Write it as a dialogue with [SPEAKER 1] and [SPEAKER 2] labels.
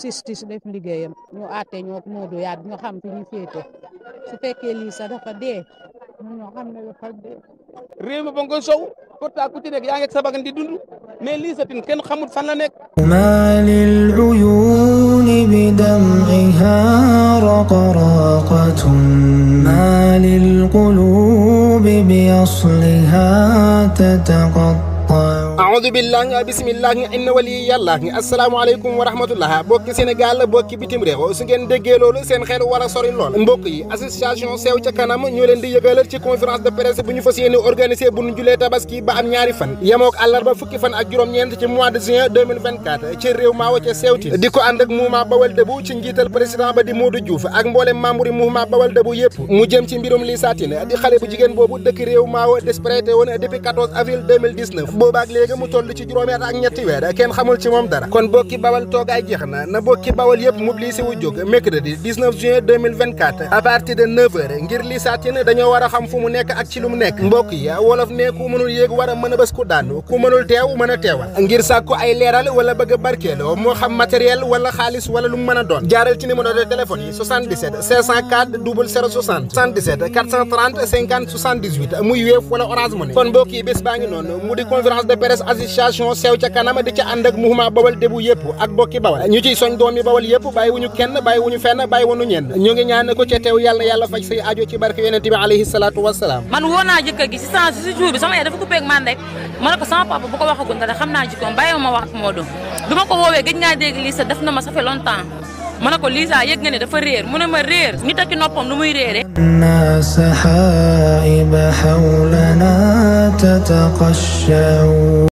[SPEAKER 1] sistis def liggéeyam ñu àtte ñoo Modou Yade ñu xam fi ñu féete su fekkee lii sa dafa dee ñoo xam ne dafa dee. réew mi ba nga sow pourtant ku ci
[SPEAKER 2] nekk yaa ngi sa bakkan di dund mais lii satin kenn xamut fan la nekk.
[SPEAKER 3] ما للعيون بدمعها رقراقة ما للقلوب بأصلها تتقطع
[SPEAKER 2] aoudu billah nga bismillah nga inna wali yàlla nga asalaamaaleykum wa rahmatullah bokki Sénégal bokki bitim réew su ngeen déggee loolu seen xel war a sori lool mbokk yi association sew ca kanam ñoo leen di yëgalal ci conférence de presse bu ñu fas yéene organiser bu julee tabaski ba am ñaari fan yemook àllarba fukki fan ak juróom-ñeent ci mois de juin 2024 ci réew maawo ca sewti di ko ànd ak mouvement Bawal Debout ci njiital président ba di Modou membre yi mouvement Bawal Debout yëpp mu jëm ci mbirum Lissa Tine di boobaak léegi mu toll ci juróomi at ak ñetti weer kenn xamul ci moom dara kon bokki bawal toogaay jeex na na bokki bawal yëpp mobilisé wu jóg mercredi 19 juin 2024 à partir de 9 ngir lii saatin dañoo war a xam fu mu nekk ak ci lu mu nekk mbokk wolof ne ku mënul yéeg war a mën a bés ku daanu ku mënul teew mën a teewal ngir sàkku ay leeral wala bëgg a barkeeloo moo xam matériel wala xaalis wala lu mu mën a doon jaaral ci numéro de téléphone yi 77 504 0060 77 430 50 78 muy Wave wala Orange Money kon mu conférence de presse association sew ca kanam di ca ànd ak mouvement bawal débu yëpp ak bokki bawal ñu ciy soñ doomi bawal yëpp bàyyi wuñu kenn bàyyi wuñu fenn bàyyi wuñu ñenn ñu ngi ñaan ko ca yàlla yàlla faj say aajo ci barke yonente bi alayhi wasalaam
[SPEAKER 1] man woo naa jëkkër gi si sen si jour bi sama yaay dafa coupé ak man rek ma ko sama papa bu ko waxagul dara xam naa jikkoom bàyyi ma wax moo doon bi ko woowee gëj ngaa dégg
[SPEAKER 3] تتقشعون